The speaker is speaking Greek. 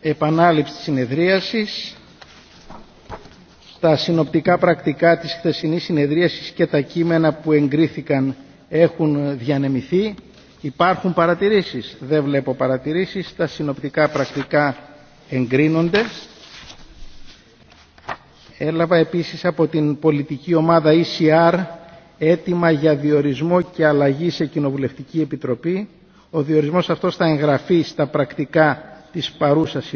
επανάληψη της συνεδρίασης τα συνοπτικά πρακτικά της χθεσινής συνεδρίασης και τα κείμενα που εγκρίθηκαν έχουν διανεμηθεί. Υπάρχουν παρατηρήσεις. Δεν βλέπω παρατηρήσεις. Τα συνοπτικά πρακτικά εγκρίνονται. Έλαβα επίσης από την πολιτική ομάδα ECR έτοιμα για διορισμό και αλλαγή σε κοινοβουλευτική επιτροπή. Ο διορισμός αυτός θα εγγραφεί στα πρακτικά της παρούσας